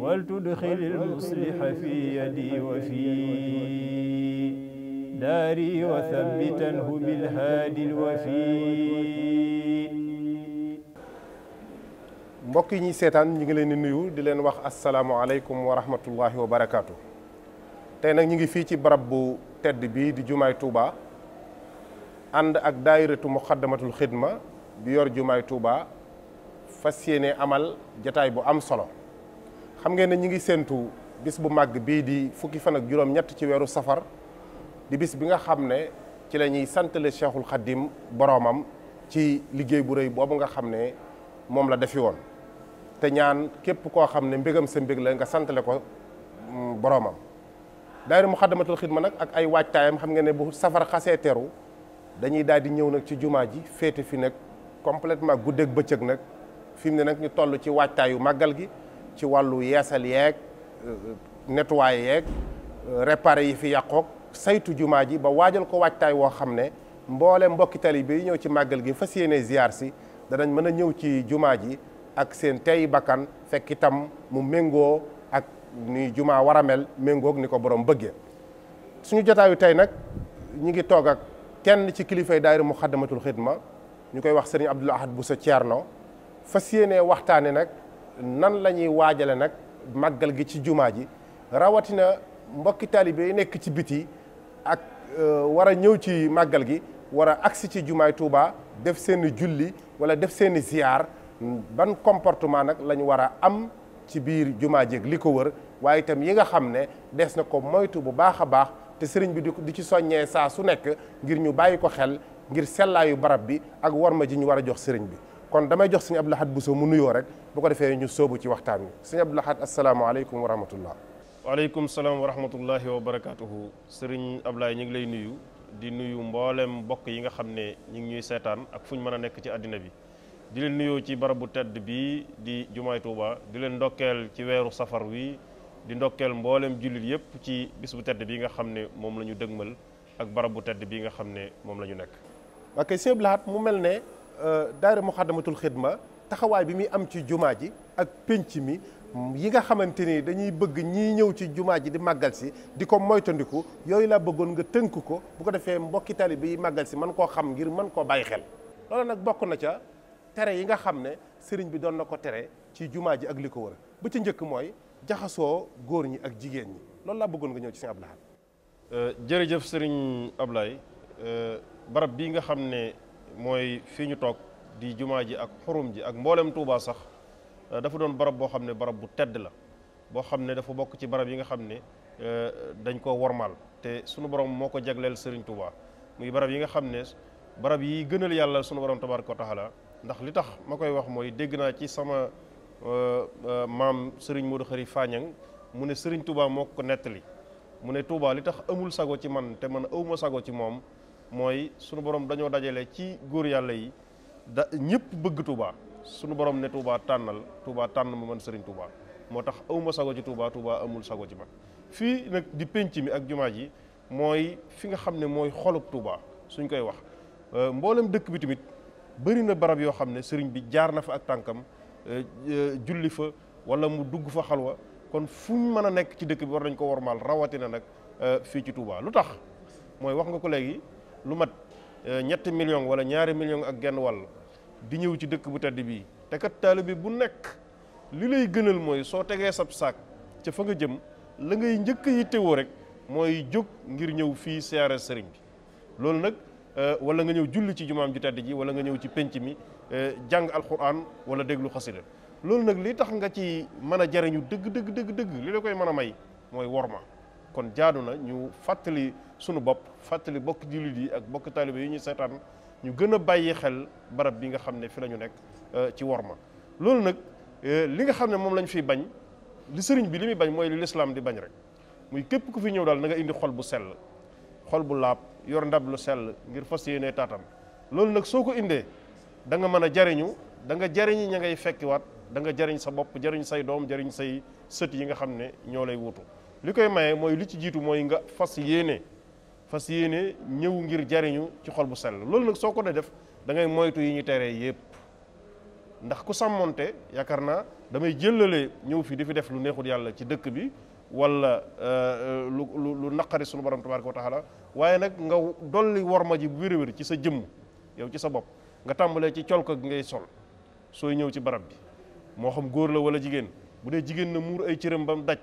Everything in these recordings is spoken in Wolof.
ولتدخل المصلح في يدي وفي داري وثبتنه بالهادي الوفي mbokk yi ñuy seetaan ñu ngi leen di nuyu di leen wax asalaamualeykum wa rahmatullahi wa tey nag ñu ngi fii ci barab bu tedd bi di jumaay tuuba ànd ak daayiratu muqaddamatul xidma bi yor jumaay Touba fas yéene amal jataay bu am solo xam ngeen ne ñu ngi séentu bis bu màgg bii di fukki fan ak juróom-ñett ci weeru safar di bis bi nga xam ne ci la ñuy santale Cheikhul Khadim boroomam ci liggéey bu rëy boobu nga xam ne moom la defi woon te ñaan képp koo xam ne mbégam sa mbég la nga santale ko mm, boroomam daayira Muxaddamatul Xidma nag ak ay waajtaayam xam ngeen ne bu safar xasee teru dañuy daal di ñëw nag ci jumaa ji féete fi nag complètement guddeeg bëccëg nag fi ne nag ñu toll ci waajtaayu màggal gi ci wàllu yeesal yeeg euh, nettoyer yeeg euh, repare yi fi yàqoog saytu jumaa ji ba waajal ko waajtaay woo xam ne mboole mbokki tali bi ñëw ci màggal gi fas yéene ziar si danañ mën a ñëw ci jumaa ji ak seen tey bakkan fekk itam mu méngoo ak ni jumaa war a mel méngoog ni ko borom bëgge suñu jotaayu tey nag ñi ngi toog ak kenn ci kilifa kilifay daayira Muxaddamatul Xidma ñu koy wax sëriñ bu sa Bousso Thierno fas yéene waxtaane nag nan la ñuy waajale nag màggal gi ci jumaa ji rawatina mbokki taalibe yi nekk ci biti ak euh, war a ñëw ci màggal gi war a agsi ci jumaay Touba def seeni julli wala def seeni ziyaar ban comportement nag la ñu war a am ci biir jumaa jeeg li ko wër waaye itam yi nga xam ne des na ko moytu bu baax a baax te sëriñ bi di ci soññee saa su nekk ngir ñu bàyyi ko xel ngir sellaayu barab bi ak warma ji ñu war a jox sëriñ bi kon damay jox ab Abdou bu so mu nuyoo rek bu ko defee ñu sóobu ci waxtaan wi sëñ Abdou Lahad asalaamaaleykum wa rahmatullah waaleykum salaam wa rahmatullahi wa barakaatuhu sëriñ Ablaye ñu ngi lay nuyu di nuyu mboolem mbokk yi nga xam ne ñu ngi ñuy seetaan ak fu ñu mën a nekk ci àddina bi di leen nuyoo ci barab bu tedd bi di jumaay Tuuba di leen ndokkeel ci weeru safar wi di ndokkeel mboolem jullit yépp ci bis bu tedd bi nga xam ne moom la ñu dëgmal ak barab bu tedd bi nga xam ne moom la ñu nekk. Euh, daayira Muxaddamatul Xidma taxawaay bi muy am ci jumaa ji ak pénc mi yi nga xamante ni dañuy bëgg ñi ñëw ci jumaa ji di màggal si di ko moytandiku yooyu laa bëggoon nga tënk ko bu ko defee mbokki tali bi màggal si mën koo xam ngir mën koo bàyyi xel loolu nag bokk na ca tere yi nga xam ne sëriñ bi doon na ko tere ci jumaa ji ak li ko wër bu ci njëkk mooy jaxasoo góor ñi ak jigéen ñi loolu laa bëggoon nga ñëw ci sëriñ Abdou Lahad euh, jërëjëf sëriñ Ablaye euh, barab bii nga xam ne mooy fii ñu toog di jumaa ji ak xurum ji ak mboolem Touba sax euh, dafa doon barab boo xam ne barab bu tedd la boo xam ne dafa bokk ci barab yi nga xam ne euh, dañ koo wormaal te sunu borom moo ko jagleel Serigne mu muy barab yi nga xam ne barab yi gënal yàlla sunu borom tabaaraka wa taala ndax li tax ma koy wax mooy dégg naa ci sama euh, maam Serigne Modou Khari Fagnang mu ne Serigne Touba moo ko nettali mu ne tuubaa li tax amul sago ci man te man awuma sago ci moom. mooy sunu borom dañoo dajale ci góor yàlla yi da ñëpp bëgg Touba sunu borom ne Touba tànnal Touba tànn mu man Serigne Touba moo tax awma sago ci Touba Touba amul sago ci man fii nag di pénc mi ak jumaa ji mooy fi nga xam ne mooy xolub Touba suñ koy wax euh, mboolem dëkk bi tamit bëri na barab yoo xam ne sëriñ bi jaar na fa ak tànkam euh, euh, julli fa wala mu dugg fa xalwa kon fu mën a nekk ci dëkk bi war nañ ko wormaal rawatina nag fii ci Touba lu tax mooy wax nga ko léegi. lu mat euh, ñetti million wala ñaari million ak genn wàll di ñëw ci dëkk bu tedd bii te kat taalibe bu nekk li lay gënal mooy soo tegee sab saak ca fa nga jëm la ngay njëkk a yittewoo rek mooy jóg ngir ñëw fii siyaare sëriñ bi loolu nag euh, wala nga ñëw julli ci jumaam ju tedd ji wala nga ñëw ci pénc mi euh, jàng alquran wala déglu xasida loolu nag li tax nga ci mën a jariñu dëgg dëgg dëgg li la koy mën a may mooy worma kon jaadu na ñu fàttali sunu bopp fàttali bokk jullit yi ak bokk taalibe yi ñu seetaan ñu gën a bàyyi xel barab bi nga xam ne fi la ñu nekk euh, ci ma loolu nag euh, li nga xam ne moom lañu fiy bañ li sëriñ bi li muy bañ mooy li lislaam di bañ rek muy képp ku fi ñëw daal na nga indi xol bu sell xol bu laab yor ndab lu sell ngir fos yéenee taatam loolu nag soo ko indee da nga mën a jariñu danga nga ña ngay fekkiwaat da nga jariñ sa bopp jariñ say doom jariñ say sët yi nga xam ne ñoo lay wutu li koy maye mooy li ci jiitu mooy nga fas yéene fas yéene ñëw ngir jariñu ci xol bu sell loolu nag soo ko dee def da ngay moytu yi ñu tere yépp ndax ku sàmmoonte yaakaar naa damay jëlale ñëw fii di fi def lu neexul yàlla ci dëkk bi wala euh, lu lu naqari sunu borom tabaraka wa taala waaye nag nga dolli worma ji bu wér ci sa jëmm yow ci sa bopp nga tàmbalee ci col gi ngay sol sooy ñëw ci barab bi moo xam góor la wala jigéen bu dee jigéen na muur ay cëram bam daj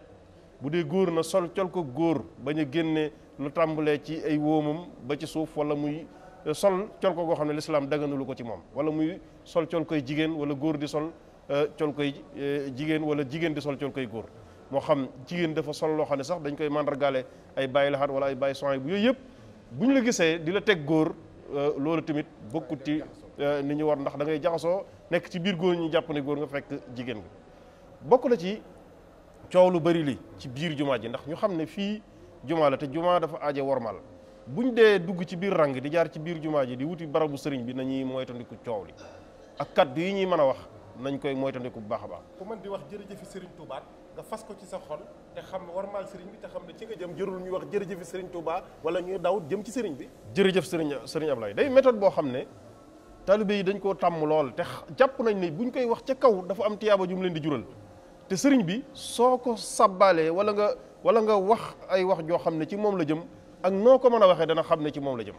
bu dee góor na sol col góor ba ñu génnee lu tàmbalee ci ay wóomam ba ci suuf wala muy eh, sol col goo xam ne lislaam daganalu ko ci moom wala muy sol col koy jigéen wala góor di sol eh, col koy eh, jigéen wala jigéen di sol col koy góor moo xam jigéen dafa sol loo xam ne sax dañ koy màndargaale ay bàyyi laxaat wala ay bàyyi soin bu yooyu yëpp bu ñu la gisee di la teg góor loolu tamit bokkut ci ni ñu war ndax da ngay jaxasoo nekk ci biir góor ñu jàpp ne góor nga fekk jigéen bi bokk na ci coow lu bëri li ci biir jumaa ji ndax ñu xam ne fii jumaa la te jumaa dafa aaje wormal buñ dee dugg ci biir rang di jaar ci biir jumaa ji di wuti barabu sëriñ bi nañuy moytandiku coow li ak kaddu yi ñuy mën a wax nañ koy moytandiku bu baax a baax. ku mën di wax jërëjëfi sëriñ Touba nga fas ko ci sa xol te xam warmaal sëriñ bi te xam ne ci nga jëm jërul ñuy wax jërëjëfi sëriñ Touba wala ñuy daw jëm ci sëriñ bi. jërëjëf sëriñ sëriñ lay day méthode boo xam ne taalibe yi dañ koo tàmm lool te jàpp nañ ne buñ koy wax ca kaw dafa am tiyaaba jum leen di jural te sëriñ bi soo ko sàbbaalee wala nga wala nga wax ay wax joo xam ne ci moom la jëm ak noo ko mën a waxee dana xam ne ci moom la jëm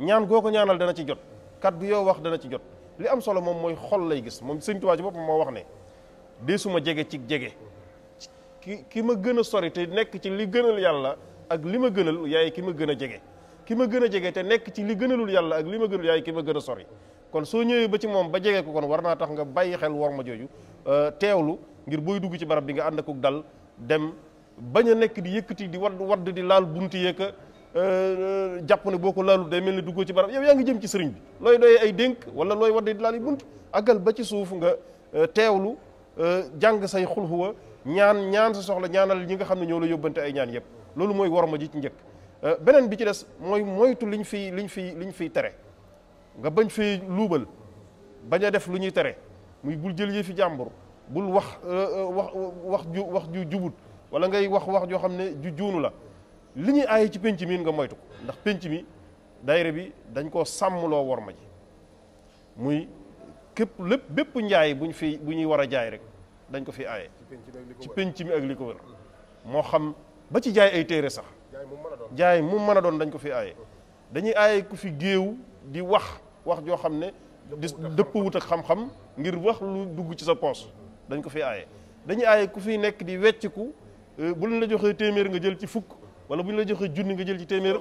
ñaan goo ko ñaanal dana ci jot kàddu yoo wax dana ci jot li am solo moom mooy xol lay gis moom sëriñ Tuubaa ci boppam moo wax ne deesuma jege ci jege ki ki ma gën a sori te nekk ci li gënal yàlla ak li ma gënal yaay ki ma gën a jege ki ma gën a jege te nekk ci li gënalul yàlla ak li ma gënal yaay ki ma gën a sori kon soo ñëwee ba ci moom ba jege ko kon war naa tax nga bàyyi xel war ma euh, teewlu ngir booy dugg ci barab bi nga ànd akuk dal dem bañ a nekk di yëkkati di wadd wadd di laal buntu yeeg euh, euh, jàpp ne boo ko laalul day mel ni duggoo ci barab yow yaa ngi jëm ci sëriñ bi looy doyee ay dénk wala looy wadd di laal yi bunt aggal ba ci suuf nga euh, teewlu jàng say xulhuwa ñaan ñaan sa soxla ñaanal ñi nga xam ne ñoo la yóbbante ay ñaan yëpp loolu mooy warma ji ci njëkk beneen bi ci des mooy moytu liñ fiy liñ fiy liñ fiy tere nga bañ fi luubal bañ a def lu ñuy tere muy bul jël yëfi jàmbur bul wax euh, euh, wax wax ju wax ju jubut wala ngay wax wax joo xam ne ju juunu la li ñuy aaye ci penc miin nga moytu ko ndax pénc mi daayira bi dañ koo sàmmloo wor ma ji muy képp lépp bépp njaay buñ fi bu ñuy war a jaay rek dañ ko fi aaye ci penc mi ak li ko wër moo xam ba ci jaay ay téere sax jaay mu mën a doon dañ ko fi aaye dañuy aaye ku fi géew di wax wax joo xam ne dëpp wut ak xam-xam ngir wax lu dugg ci sa poos dañ ko fi aaye dañuy aaye ku fi nekk di wecciku euh, bu ñu la joxee téeméer nga jël ci fukk wala bu ñu la joxee junni nga jël ci téeméer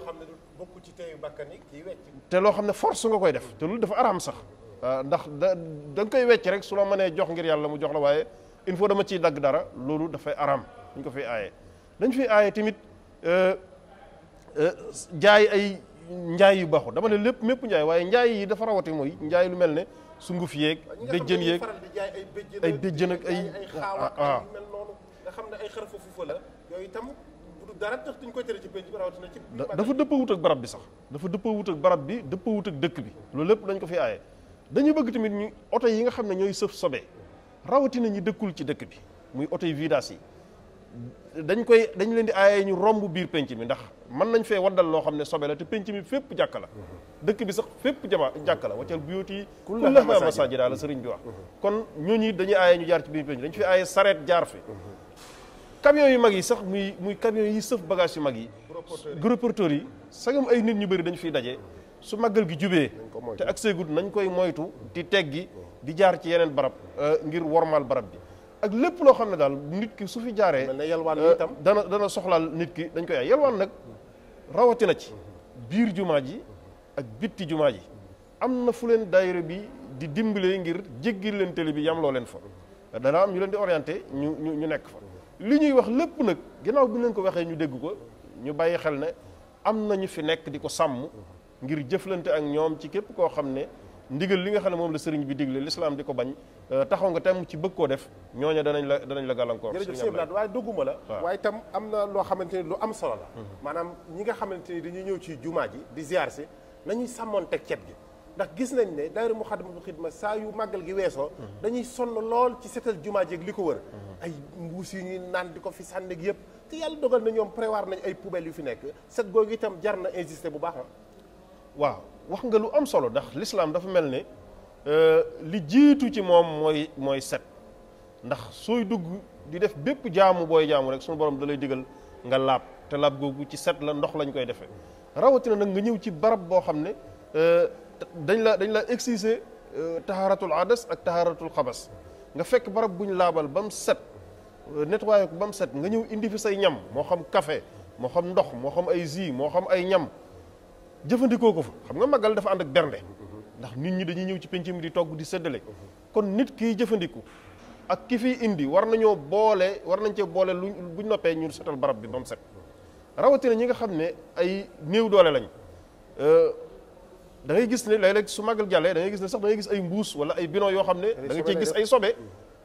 te loo xam ne force nga koy def te loolu dafa araam sax euh, ndax da da koy wecc rek su la mënee jox ngir yàlla mu jox la waaye il faut dama ciy dagg dara loolu dafay araam dañ ko fi aaye dañ fi aaye tamit euh, jaay ay njaay yu baaxul dama ne lépp mépp njaay waaye njaay yi dafa rawati mooy njaay lu mel ne sunguf yeeg béjjën yeeg ay béjjën ak ay waaw ah, ah. xam ne ay xarafu yooyu itam bu dara koy tere ci rawatina ci dafa dëppawut ak barab bi sax dafa dëppawut ak barab bi dëppawut ak dëkk bi loolu lépp dañ ko fi aaye dañu bëgg tamit ñu oto yi nga xam ne ñooy sëf sobee rawatina ñi dëkkul ci dëkk bi muy oto yi vidas yi dañ koy dañu leen di aaye ñu romb biir penc mi ndax mën nañ fee waddal loo xam ne sobe la te penc mi fépp jàkka la dëkk bi sax fépp jama jàkka la waccal buyoot yi kullaha masaajid daal la sëriñ bi wax kon ñooñu it dañuy aaye ñu jaar ci biir penc mi dañ fi aaye sareet jaar fi camion yu mag yi sax muy muy camion yi sëf bagage yu mag yi gros porteurs yi sagam ay nit ñu bëri dañ fiy daje su maggal gi jubee te ak seegut nañ koy moytu di teggi di jaar ci yeneen barab euh, ngir wormaal barab bi ak lépp loo xam ne daal nit ki su fi jaaree. Euh, dana dana soxlaal nit ki dañ koy ay yalwaan nag rawatina ci biir jumaa ji ak bitti jumaa ji am na fu leen dayre bi di dimbalee ngir jéggi leen télé bi yamloo leen fa dana am ñu leen di orienté ñu ñu ñu nekk fa. li ñuy wax lépp nag ginnaaw bi ñu leen ko waxee ñu dégg ko ñu bàyyi xel ne am na ñu fi nekk di ko sàmm ngir jëflante ak ñoom ci képp koo xam ne. ndigal li nga xam ne moom la sëriñ bi digle lislaam di ko bañ euh, taxaw nga tam ci bëgg koo def ñooña danañ la danañ la gàllankoor jërëjëf sëñ Abdoulaye la waaye itam am na loo xamante ni lu am solo mhm. maanaam ñi nga xamante ni dañuy ñëw ci jumaa ji di ziar si nañuy sàmmoon teg ceeb gi ndax gis nañ ne daayira Muxaddamatul Xidma saa yu màggal gi weesoo mhm. dañuy sonn lool ci setal jumaa jeeg li ko wër mhm. ay mbuus yi ñuy naan di ko fi sànni gi yëpp te yàlla dogal na ñoom prévoir nañ ay poubelles yu fi nekk set googu itam jar na insister bu baax waaw wax nga lu am solo ndax lislaam dafa mel ne euh, li jiitu ci moom mooy mooy set ndax sooy dugg di def bépp jaamu booy jaamu rek sunu borom da lay digal nga laab te laab googu ci set la ndox lañ koy defee rawatina nag nga ñëw ci barab boo xam ne euh, dañ la dañ la exiger euh, taxaaratul adas ak taxaaratul xabas nga fekk barab buñ laabal ba mu set nettoyé ko ba mu set nga ñëw indi fi say ñam moo xam kafe moo xam ndox moo xam ay jus moo xam ay ñam jëfandikoo ko fa xam nga màggal dafa ànd ak bernde ndax nit ñi dañuy ñëw ci penc mi di togg di séddale kon nit kiy jëfandiku ak ki fiy indi war nañoo boole war nañ cee boole lu buñ noppee ñu setal barab bi ba mu set rawatina ñi nga xam ne ay néew doole lañ euh, da ngay gis ne léeg-léeg su màggal jàllee da gis ne sax da ngay ay mbuus wala ay bino yoo xam ne da nga ay sobe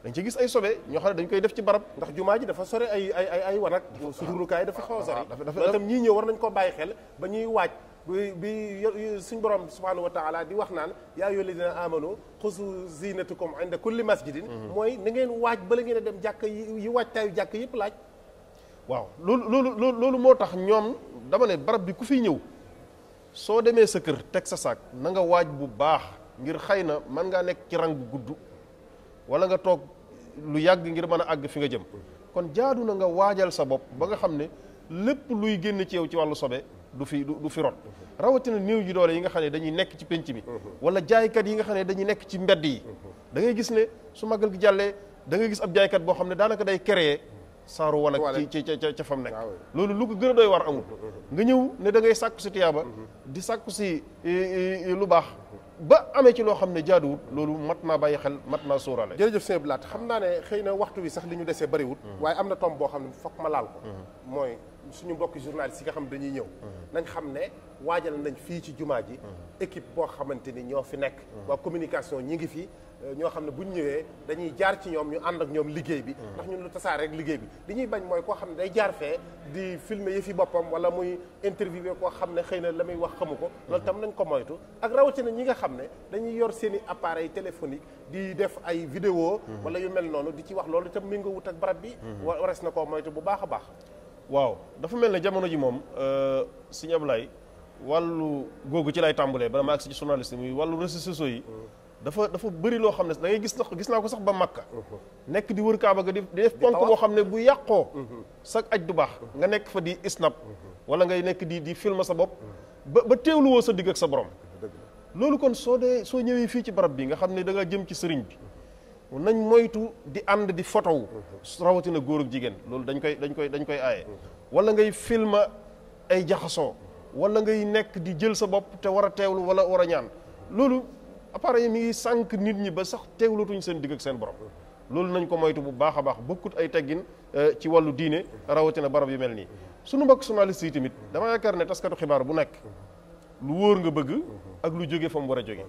dañ ci gis ay sobe ñoo xam ne dañ koy def ci barab ndax jumaa ji dafa sore ay ay ay wanag sudurukaay dafa xaw a dafa itam ñii ñëw war nañ koo bàyyi xel ba ñuy waaj bi bi suñ borom subhanahu wa taala di wax naan yaa ayyuha alladina amanu xusu zinatakum inda kulli masjidin mhm. mooy na ngeen waaj bala ngeen a dem jàkk yi waajtaayu jàkk yëpp laaj waaw loolu loolu moo tax ñoom dama ne barab bi ku fiy ñëw soo demee sa kër teg sa saak na nga waaj bu baax ngir xëy na man ngaa nekk ci rang bu gudd wala nga toog lu yàgg ngir mën a àgg fi nga jëm kon jaadu na nga waajal sa bopp ba nga xam ne lépp luy génn ci yow ci wàllu sobe du fi du fi rot rawatina néew ji doole yi nga xam ne dañuy nekk ci penc bi wala jaaykat yi nga xam ne dañuy nekk ci mbedd yi dangay ngay gis ne su magal gi jàllee dangay gis ab jaaykat boo xam ne daanaka day créer saaru wan ak ci ci ca fam nekk ah loolu lu ko gën a doy war amul nga ñëw ne dangay ngay sàkku si tiyaaba mhm. di sàkku si lu baax ba amee ci loo xam ne jaaduwut loolu mat naa bàyyi xel mat naa sóoraale jërëjëf sëñ Blaat xam naa ne xëy na waxtu wi sax li ñu desee bariwut mhm. waaye am na tomb boo xam ne fokk ma laal mhm. mooy suñu mbokki journaliste yi nga xam dañuy ñëw mhm. nañ xam ne waajal nañ fii ci jumaa ji mhm. équipe boo xamante ni ñoo fi nekk mhm. waa communication ñi ngi fi euh, ñoo xam ne bu ñu ñëwee dañuy jaar ci ñoom ñu ànd ak ñoom liggéey bi ndax ñun lu tasaare rek liggéey bi li ñuy bañ mooy koo xam ne day jaar fee di filmer yëfi boppam wala muy interviewé koo xam ne xëy na la muy wax xamu ko loolu tam nañ ko moytu ak rawatina ñi nga xam ne dañuy yor seen i appareil téléphonique di def ay vidéo wala yu mel noonu di ci wax loolu itam méngoowut ak barab bi wares na koo moytu bu baax a baax waaw dafa mel ne jamono ji moom euh, sëñ Ablaye wàllu googu ci lay tàmbalee bala ma agsi ci journaliste muy wàllu réseaux sociaux yi mm-hmm. dafa dafa bëri loo xam ne da ngay gis na gis naa ko sax ba Makka mm-hmm. nekk di wër Kaaba ga di def ponk boo xam ne bu yàqoo mm-hmm. sax aj du baax nga nekk fa di snap wala ngay nekk di di film sa bopp ba ba teewluwoo sa digg ak sa borom loolu kon soo dee soo ñëwee fii ci barab bi nga xam ne da nga jëm ci sëriñ bi nañ moytu di ànd di fotow rawatina góor ak jigéen loolu dañ koy dañ koy dañ koy aaye wala ngay film ay jaxasoo wala ngay nekk di jël sa bopp te war a teewlu wala war a ñaan loolu appareil mi ngi sànq nit ñi ba sax teewlatuñ seen digg ak seen borom loolu nañ ko moytu bu baax a baax bokkut ay teggin euh, ci wàllu diine rawatina barab yu mel nii sunu mbokk journaliste yi tamit dama yaakaar ne taskatu xibaar bu nekk lu wóor nga bëgg ak lu jóge fa mu war a jóge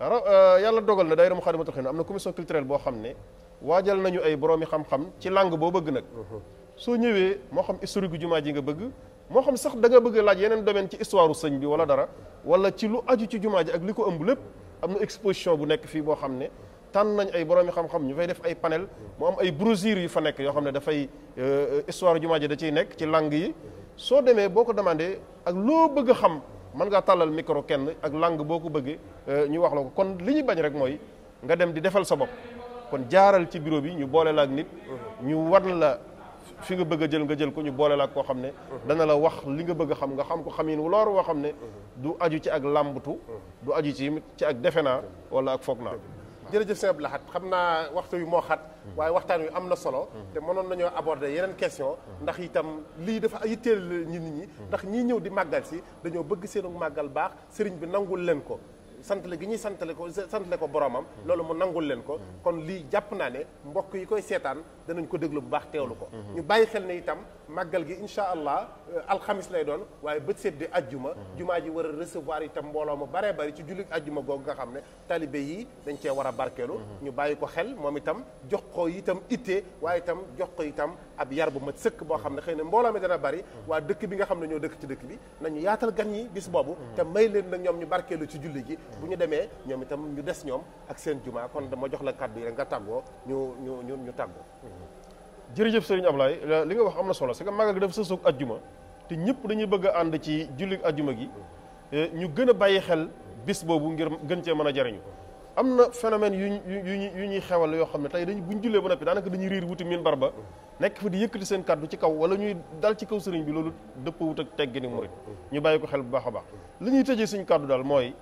Euh, yàlla dogal na rem daayira Muxaddamatul Xidma am na commission culturelle boo xam ne waajal nañu ay boroomi xam-xam ci langue boo bëgg nag mhm. soo ñëwee moo xam historique jumaa ji nga bëgg moo xam sax da nga bëgg laaj yeneen domaine ci histoire sëñ bi wala dara wala ci lu aju ci jumaa ji ak li ko ëmb lépp am na exposition bu nekk fii boo xam ne tànn nañ ay boroomi xam-xam ñu fay def ay panel mu am ay brochure yu fa nekk yoo xam ne dafay euh, euh, histoire jumaa ji da ciy nekk ci langue yi soo demee boo ko demandé ak loo bëgg xam man ngaa tàllal micro kenn ak langue boo ko bëggee euh, ñu wax la ko kon li ñu bañ rek mooy nga dem di defal sa bopp kon jaaral ci bureau bi ñu boole la ak nit mhm. ñu wan la fi nga bëgg a jël nga jël ko ñu boole la ak koo xam ne mhm. dana la wax li nga bëgg xam nga xam ko xam yin loor woo xam ne mhm. du aju ci ak làmbatu du aju ci ci ak defe naa wala ak foog naa jërëjëf sëñ Abdou Lahad xam naa waxtu yi moo xat waaye waxtaan wi am na solo te mënoon nañoo aborder yeneen question ndax itam lii dafa yitteel ñi nit ñi ndax ñii ñëw di màggal si dañoo bëgg seenu màggal baax sëriñ bi nangul leen ko santale gi ñuy santale ko santale ko boromam loolu mu nangul leen ko kon lii jàpp naa ne mbokk yi koy seetaan danañ ko déglu bu baax teewlu ko ñu bàyyi xel ne itam màggal gi incha allah euh, alxamis lay doon waaye bët seet di ajjuma jumaa ji war a recevoir itam mbooloo mu baree bari ci jullit ajjuma googu nga xam ne talibe yi dañ cee war a barkeelu ñu bàyyi ko xel moom itam jox ko itam ittee waaye itam jox ko itam ab yar bu ma sëkk boo xam ne xëy na mbooloo mi dana bari waa dëkk bi nga xam ne ñoo dëkk ci dëkk bi nañu yaatal gan yi bis boobu te may leen na ñoom ñu barkeelu ci julli gi bu ñu demee ñoom itam ñu des ñoom ak seen jumaa kon dama jox la kàddu yi rek nga tàggoo ñu ñu ñu ñu tàggoo. jërëjëf sëriñ Ablaye li nga wax am na solo c'est que magal gi dafa sësoog ajjuma te ñëpp dañuy bëgg a ànd ci julli ajjuma gi eh, ñu gën a bàyyi xel bis boobu ngir gën cee mën a jariñu am na phénomène yu ñu yu ñuy xewal yoo xam ne tey bu ñu jullee ba noppi daanaka dañuy riir wuti miin ba nekk fa di yëkkati seen kàddu ci kaw wala ñuy dal ci kaw sëriñ bi loolu dëppawut ak teggini murit ñu bàyyi ko xel bu baax a baax li ñuy tëjee suñ kàddu daal mooy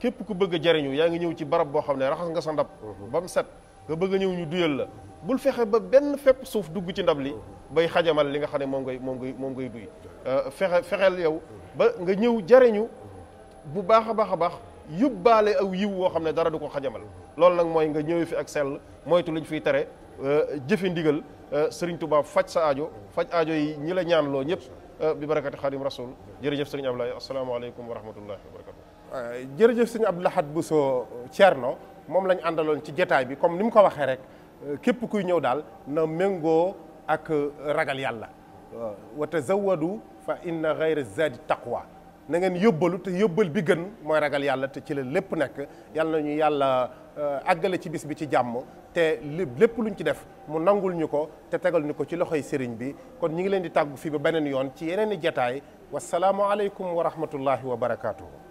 képp ku bëgg jariñu yaa ngi ñëw ci barab boo xam ne raxas nga sa ndab mhm. ba mu set nga bëgg a ñëw ñu duyal la bul fexe ba benn fépp suuf dugg ci ndab li mhm. bay xajamal li nga xam ne moom ngay moom ngay moom ngay duy euh, fexe fexeel yow ba nga ñëw jariñu bu baax a baax a baax yóbbaale ak yiw woo xam ne dara du ko xajamal loolu nag mooy nga ñëwee fi ak sell moytu liñ fiy tere euh, jëfe ndigal euh, sëriñ tubaab faj sa ajo faj ajo yi ñi la ñaan ñaanloo ñëpp bi barakati xaadim rasul jërëjëf sëriñ Ablaye asalaamaaleykum wa Euh, jërëjëf ab laxat Lahad Bousso Thierno moom lañ àndaloon ci jataay bi comme ni mu ko waxee rek euh, képp kuy ñëw daal na méngoo ak euh, ragal yàlla wa tazawadu fa inna xayra zadi taqwa na ngeen yóbbalu te yóbbal bi gën mooy ragal yàlla te ci la lépp nekk yàlla nañu yàlla àggale ci bis bi ci jàmm te lépp luñ ci def mu nangul ñu ko te tegal ñu ko ci loxo yi sëriñ bi kon ñi ngi leen di tàggu fii ba beneen yoon ci yeneen i jataay wasalaamualeykum wa rahmatullahi wa barakaatu.